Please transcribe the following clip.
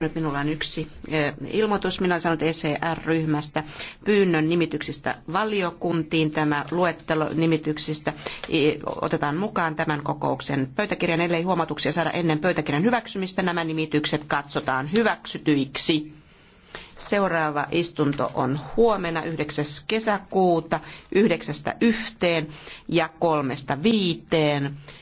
Nyt minulla on yksi ilmoitus. Minä olen saanut ECR-ryhmästä pyynnön nimityksistä valiokuntiin. Tämä luettelo nimityksistä otetaan mukaan tämän kokouksen pöytäkirjan. Ellei huomautuksia saada ennen pöytäkirjan hyväksymistä, nämä nimitykset katsotaan hyväksytyiksi. Seuraava istunto on huomenna 9. kesäkuuta 9.1. ja 3.5.